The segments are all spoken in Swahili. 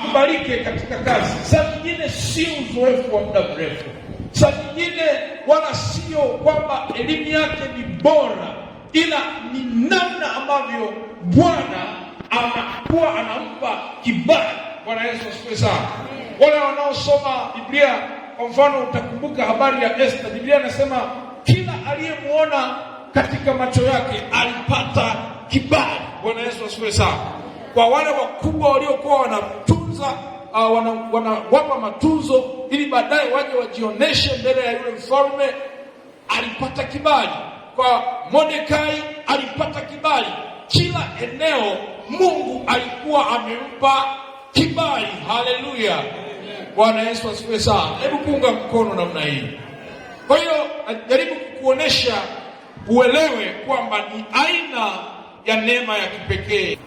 kubalike katika kazi. Saa nyingine sio uzoefu wa muda mrefu, saa nyingine wala sio kwamba elimu yake ni bora, ila ni namna ambavyo Bwana anakuwa anampa kibali. Bwana Yesu asifiwe sana. Wale wanaosoma Biblia, kwa mfano, utakumbuka habari ya Esther. Biblia inasema kila aliyemwona katika macho yake alipata kibali. Bwana Yesu asifiwe sana. Kwa wale wakubwa waliokuwa wana kutunza uh, ah, wanawapa wana matunzo ili baadaye waje wajioneshe mbele ya yule mfalme. Alipata kibali kwa Mordekai, alipata kibali kila eneo. Mungu alikuwa amempa kibali. Haleluya, Bwana Yesu asifiwe sana. Hebu kuunga mkono namna hii. Kwa hiyo najaribu kukuonesha uelewe kwamba ni aina ya neema ya kipekee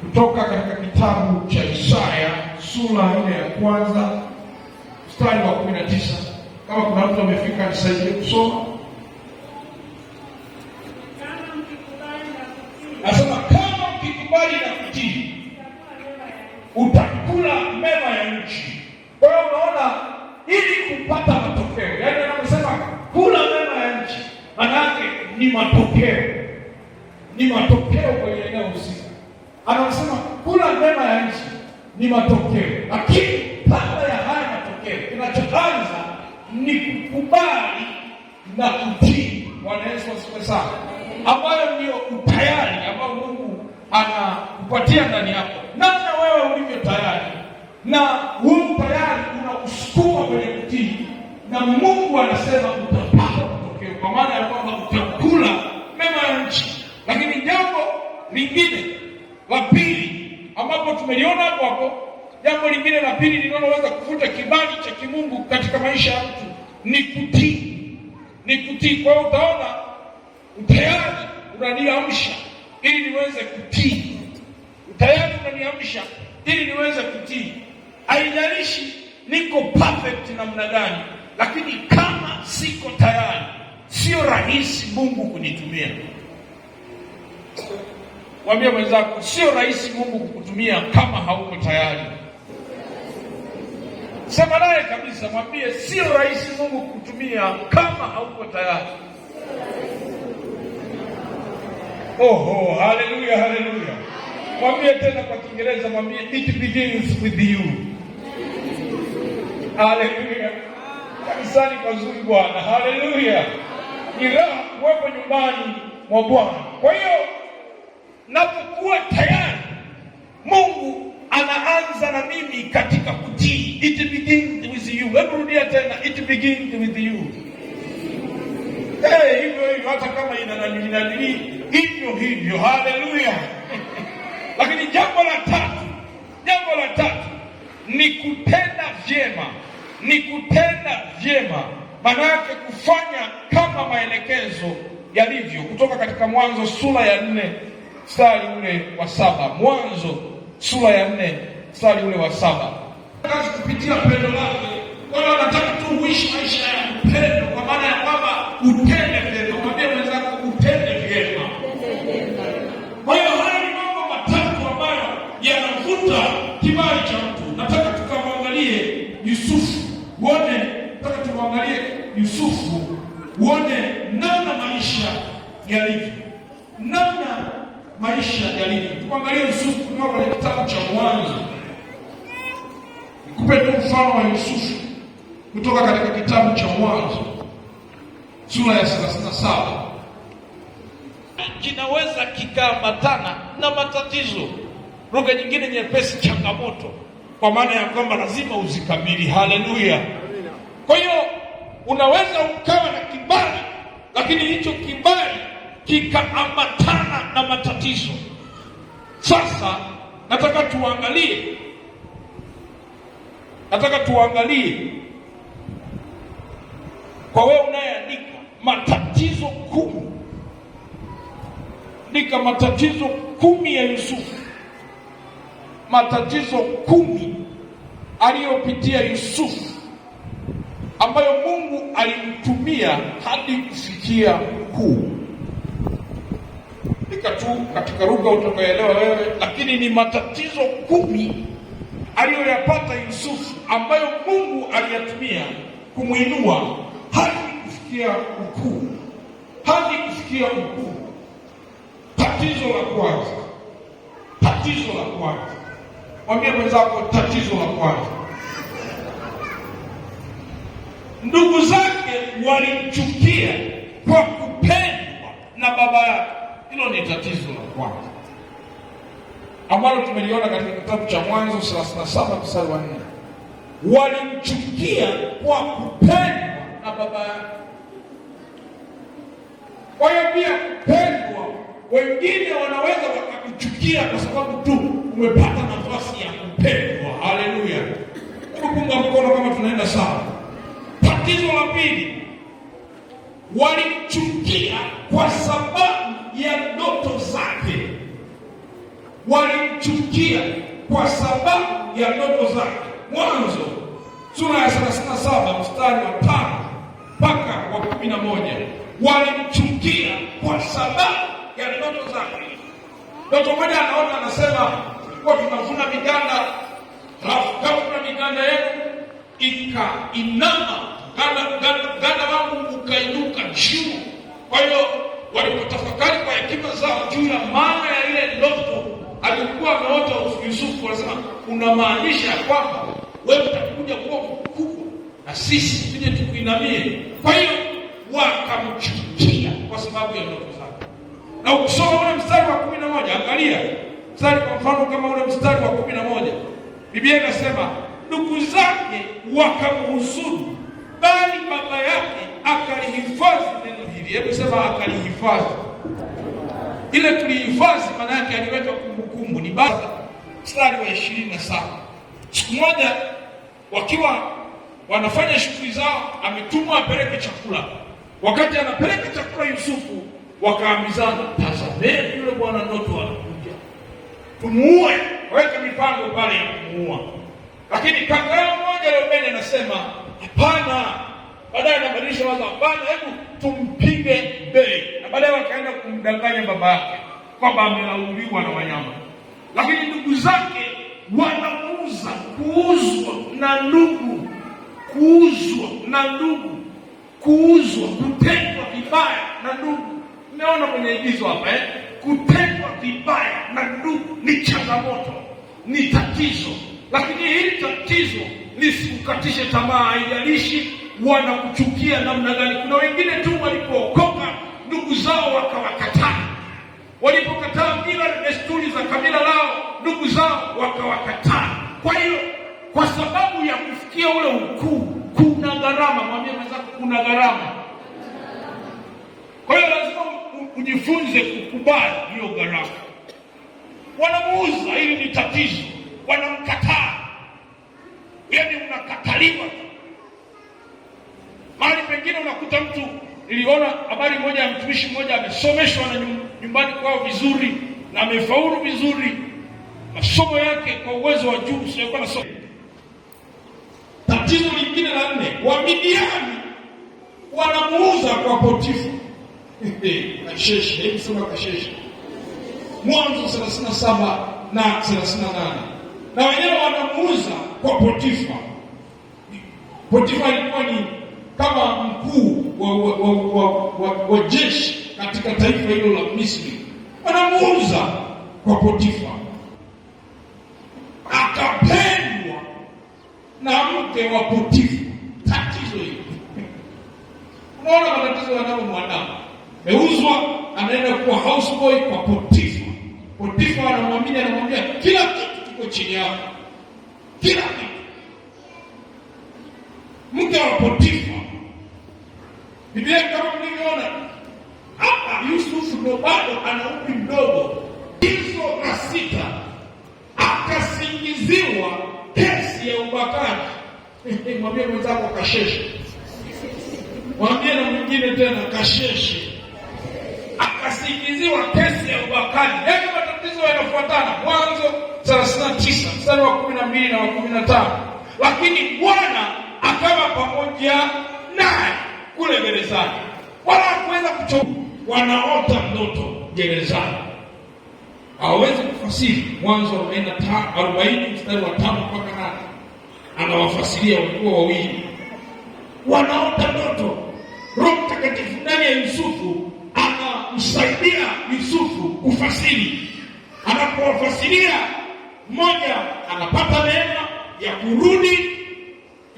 kutoka katika kitabu cha sura ile ya kwanza mstari wa kumi na tisa. Kama kuna mtu amefika nisaidie kusoma. Nasema kama mkikubali na kutii, utakula mema ya nchi. Kwa hiyo unaona, ili kupata matokeo, yaani anaposema kula mema ya nchi, manake ni matokeo, ni matokeo kwenye eneo husika. Anasema kula mema ya nchi ni matokeo, lakini kabla ya haya matokeo, kinachoanza ni kukubali na kutii. Bwana Yesu asifiwe sana, ambayo ndio utayari ambao Mungu anakupatia ndani yako, namna wewe ulivyo tayari, na huu tayari unakusukuma kwenye kutii, na Mungu anasema utapata matokeo, kwa maana ya kwamba utakula mema ya nchi. Lakini jambo lingine tumeliona hapo hapo. Jambo lingine la pili linaloweza kuvuta kibali cha kimungu katika maisha ya mtu ni kutii, ni kutii. Kwa hiyo utaona utayari unaniamsha ili niweze kutii, utayari unaniamsha ili niweze kutii. Haijalishi niko perfect namna gani, lakini kama siko tayari, sio rahisi Mungu kunitumia mwambie mwenzako, sio rahisi Mungu kukutumia kama hauko tayari. Sema naye kabisa, mwambie sio rahisi Mungu kukutumia kama hauko tayari. Oho, haleluya, haleluya! Mwambie tena kwa Kiingereza, mwambie it begins with you. Haleluya! Kanisani pazuri Bwana, haleluya! Ni raha kuwepo nyumbani mwa Bwana. Kwa hiyo napokuwa tayari, Mungu anaanza na mimi katika kutii. It begins with you. Hebu rudia tena, it begins with you. Hey, hivyo hivyo, hata kama nani, hivyo hivyo. Haleluya! Lakini jambo la tatu, jambo la tatu ni kutenda vyema, ni kutenda vyema, maana yake kufanya kama maelekezo yalivyo, kutoka katika Mwanzo sura ya nne mstari ule wa saba Mwanzo sura ya nne mstari ule wa saba kazi kupitia pendo lake. Kwa hiyo nataka tu uishi maisha ya upendo, kwa maana ya kwamba utende vyema. Mwambie mwenzako utende vyema. Kwa hiyo haya ni mambo matatu ambayo yanavuta kibali cha mtu. Nataka tukamwangalie Yusufu, uone, nataka tumwangalie Yusufu uone namna maisha yalivyo, namna maisha yalivyo. Tuangalie Yusufu kwa kwenye kitabu cha Mwanzo. Nikupe tu mfano wa Yusufu kutoka katika kitabu cha Mwanzo sura ya 37. Kinaweza kikaambatana na matatizo, lugha nyingine nyepesi, changamoto, kwa maana ya kwamba lazima uzikabili. Haleluya! Kwa hiyo unaweza ukawa na kibali, lakini hicho kibali kikaambatana na matatizo. Sasa nataka tuangalie, nataka tuangalie kwa wewe unayeandika matatizo kumi, andika matatizo kumi ya Yusufu, matatizo kumi aliyopitia Yusufu ambayo Mungu alimtumia hadi kufikia ukuu kuandika tu katika lugha utakayoelewa wewe, lakini ni matatizo kumi aliyoyapata Yusufu ambayo Mungu aliyatumia kumwinua hadi kufikia ukuu, hadi kufikia ukuu. Tatizo la kwanza, tatizo la kwanza, mwambie mwenzako, tatizo la kwanza, ndugu zake walimchukia kwa kupendwa na baba yake. Hilo ni tatizo la kwanza ambalo tumeliona katika kitabu cha Mwanzo 37 mstari wa 4, walimchukia kwa kupendwa na baba yake. Kwa hiyo pia kupendwa, wengine wanaweza wakakuchukia kwa sababu tu umepata nafasi ya kupendwa. Haleluya, kupunga mkono kama tunaenda sawa. Tatizo la pili, walimchukia kwa sababu ya ndoto zake. Walimchukia kwa sababu ya ndoto zake. Mwanzo sura ya 37 mstari wa tano mpaka wa kumi na moja. Walimchukia kwa sababu ya ndoto zake. Ndoto moja anaona, anasema tulikuwa tunavuna miganda, halafu kama kuna miganda yetu ikainama, ganda wangu ukainuka juu, kwa hiyo walipotafakari kwa hekima zao juu ya maana ya ile ndoto alikuwa ameota Yusufu, wasema unamaanisha ya kwamba wewe utakuja kuwa mkubwa na sisi tuje tukuinamie. Kwa hiyo wakamchukia kwa sababu ya ndoto zake. Na ukisoma ule mstari wa kumi na moja angalia mstari kwa mfano kama ule mstari wa kumi na moja Biblia inasema ndugu zake wakamhusudu, bali baba yake akalihifadhi neno hili. Hebu sema akalihifadhi. Ile tulihifadhi maana yake aliweka kumbukumbu. Ni baba mstari wa ishirini na saba. Siku moja wakiwa wanafanya shughuli zao, ametumwa apeleke chakula. Wakati anapeleka chakula Yusufu, wakaambizana, tazameni yule bwana ndoto anakuja, tumuue. Waweka mipango pale ya kumuua, lakini kangao moja mmoja Reubeni anasema hapana Baadaye anabadilisha wazo, hapana, hebu tumpige bei, na baadaye wakaenda kumdanganya baba yake kwamba amelauliwa na wanyama, lakini ndugu zake wanauza. Kuuzwa na ndugu, kuuzwa na ndugu, kuuzwa, kutekwa vibaya na ndugu. Mmeona kwenye igizo hapa eh? Kutendwa vibaya na ndugu ni changamoto, ni tatizo, lakini hili tatizo lisikukatishe tamaa, haijalishi wanakuchukia namna gani. Kuna wengine tu walipookoka ndugu zao wakawakataa, walipokataa mila na desturi za kabila lao ndugu zao wakawakataa. Kwa hiyo kwa sababu ya kufikia ule ukuu kuna gharama. Mwambie mwenzako kuna gharama. Kwa hiyo lazima ujifunze kukubali hiyo gharama. Wanamuuza, hili ni tatizo, wanamkataa, yaani unakataliwa mahali pengine unakuta mtu, niliona habari moja ya mtumishi mmoja amesomeshwa na nyumbani kwao vizuri na amefaulu vizuri masomo yake kwa uwezo wa juu usiokuwa na somo. Tatizo lingine la nne, Wamidiani wanamuuza kwa Potifa. Kasheshe, hebu sema Kasheshe. Mwanzo 37 na 38. Na wenyewe wanamuuza kwa Potifa. Potifa alikuwa ni kama mkuu wa, wa, wa, wa, wa, wa jeshi katika taifa hilo la Misri, anamuuza kwa Potifa. Akapendwa na mke wa Potifa. Tatizo hilo, unaona matatizo yanayo mwanadamu, meuzwa anaenda kuwa houseboy kwa Potifa. Potifa anamwamini, anamwambia kila kitu kiko chini yako, kila kitu mke wa Potifa. Biblia kama mlivyoona hapa, Yusufu ndo bado ana umri mdogo, hizo na sita, akasingiziwa kesi ya ubakaji. Mwambie mwenzako kasheshe, mwambie na mwingine tena kasheshe, akasingiziwa kesi ya ubakaji. Yale matatizo yanafuatana, Mwanzo 39 mstari wa 12 na wa 15, lakini Bwana akawa pamoja naye kule gerezani, wala hakuweza kuchoka. Wanaota mtoto gerezani, hawawezi kufasiri. Mwanzo arobaini mstari wa tano mpaka nane anawafasiria wakuwa wawili, wanaota mtoto. Roho Mtakatifu ndani ya Yusufu anamsaidia Yusufu kufasiri. Anapowafasiria, mmoja anapata neema ya kurudi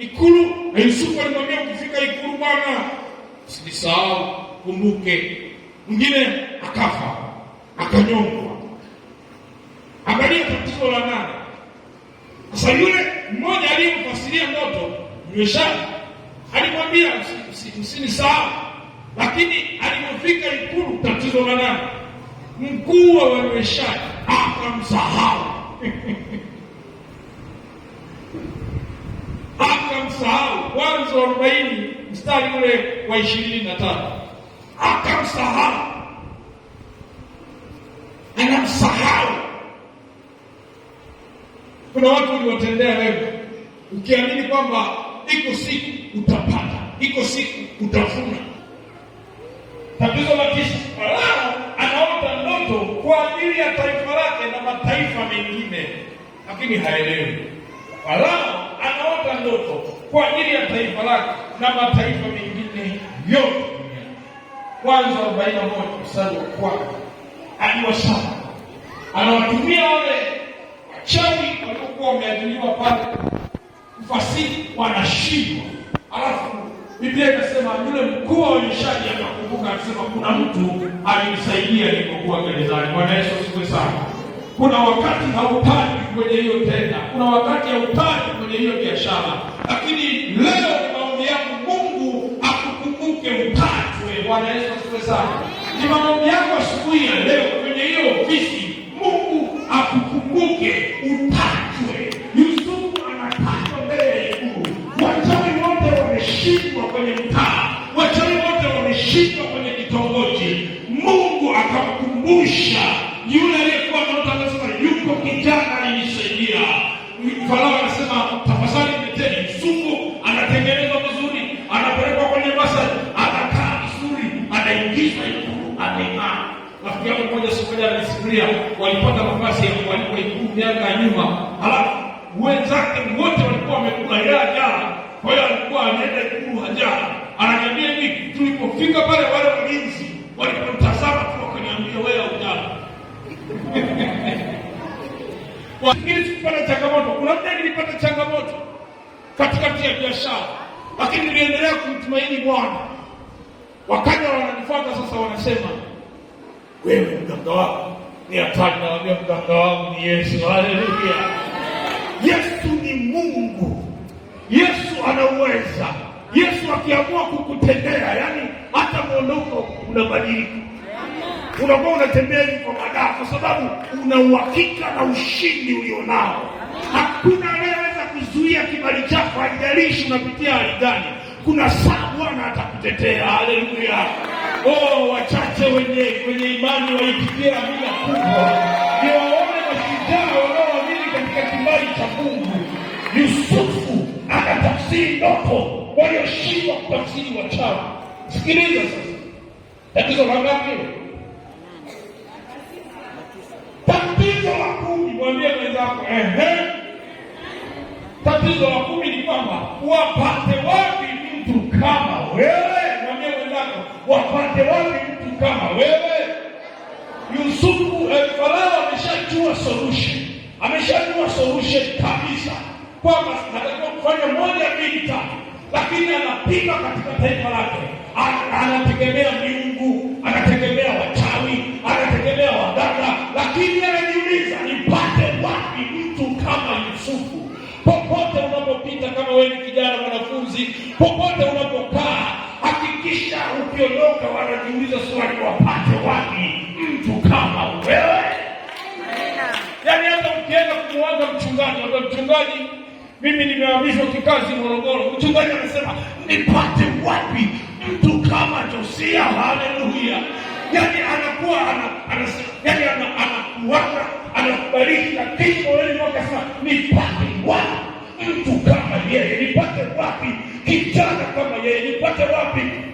Ikulu na Yusufu alimwambia ukifika Ikulu bwana, usijisahau, kumbuke. Mwingine akafa akanyongwa. Angalia tatizo la nani? Sasa yule mmoja aliyemfasiria ndoto Meshaki alimwambia usinisahau, lakini alipofika Ikulu tatizo la nani? Mkuu wa Meshaki Mwanzo wa arobaini mstari ule wa ishirini na tano akamsahau, anamsahau. Kuna watu uliwatendea wema, ukiamini kwamba iko siku utapata, iko siku utafuna. Tatizo la kisha anaota ndoto kwa ajili ya taifa lake na mataifa mengine, lakini haelewi. Farao anaota ndoto kwa ajili ya taifa lake na mataifa mengine yote duniani. Mwanzo arobaini na moja mstari wa kwanza hadi anawatumia wale wachawi waliokuwa wameadiliwa pale mfasiri, wanashindwa. Alafu Biblia inasema yule mkuu wa uonyeshaji akakumbuka, akasema kuna mtu alinisaidia nilipokuwa gerezani. Bwana Yesu asifiwe sana. Kuna wakati haupati kwenye hiyo tenda, kuna wakati haupati kwenye hiyo biashara, lakini leo ni maombi yangu Mungu akukumbuke upatwe. Bwana Yesu asifiwe sana. Ni maombi yangu asubuhi ya leo kwenye hiyo ofisi, Mungu akukumbuke upatwe. Yusufu anapatwa mbele ya Ikulu. Wachawi wote wameshindwa kwenye mtaa, wachawi wote wameshindwa kwenye kitongoji. Mungu akamkumbusha yule Yuko kijana alinisaidia. Farao anasema tafadhali mleteni msungu, anatengenezwa vizuri, anapelekwa kwenye basa, anakaa vizuri, anaingizwa ikulu, ameng'aa. Rafiki yangu mmoja siku moja alisimulia, walipata nafasi ya kualikwa ikulu miaka ya nyuma, halafu wenzake wote walikuwa wamekula, yeye jaa. Kwa hiyo alikuwa anaenda ikulu hajaa, Ananiambia hivi, tulipofika pale, wale walinzi walipotazama tu wakaniambia, wewe hujala Ili sikupata changamoto, kuna muda nilipata changamoto katikati ya biashara, lakini niliendelea kumtumaini Bwana. Wakaja wananifuata sasa, wanasema wewe mganga wako ni hatari. Nawaambia mganga wangu ni Yesu. Haleluya! Yesu ni Mungu, Yesu anaweza Yesu akiamua kukutendea, yani hata mwondoko unabadilika unakuwa unatembea hivi kwa madaa, kwa sababu una uhakika na ushindi ulionao. Hakuna anayeweza kuzuia kibali chako, haijalishi unapitia hali gani. Kuna saa Bwana atakutetea. Haleluya! Oh, wachache wenye wenye imani waipitia mila kubwa, ndio waone mashujaa wanaoamini katika kibali cha Mungu. Yusufu akatafsiri ndoto, walioshindwa kutafsiri wachawi. Sikiliza sasa, tatizo la ngapi? Tatizo la kumi, mwambie mwenzako, ehe, tatizo la kumi ni kwamba wapate wapi mtu kama wewe? Mwambie mwenzako, wapate wapi mtu kama wewe? Yusufu eh, Farao ameshajua solution, ameshajua solution kabisa kwamba natakiwa kufanya moja mbili tatu, lakini anapika katika taifa lake, anategemea miungu, anategemea popote unapokaa, hakikisha ukiondoka, wanajiuliza swali, wapate wapi mtu kama wewe? Yaani hata ukienda kumwaga mchungaji, aa, mchungaji, mimi nimehamishwa kikazi Morogoro. Mchungaji anasema nipate wapi mtu kama Josia? Haleluya! Yaani anakuwa yaani anakuaga anakubariki, lakini moyoni mwake anasema nipate wapi mtu kama yeye? Nipate wapi kijana kama yeye nipate wapi?